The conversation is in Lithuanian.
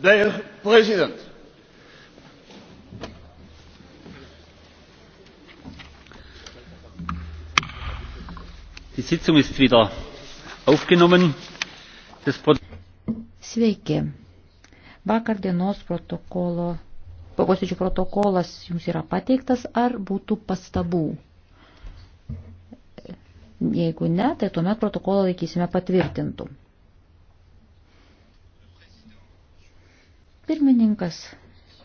Dear President, Die Sitzung ist wieder aufgenommen. Das Sveiki. Vakar dienos protokolo, posėdžių protokolas jums yra pateiktas, ar būtų pastabų? Jeigu ne, tai tuomet protokolą laikysime patvirtintų. Pirmininkas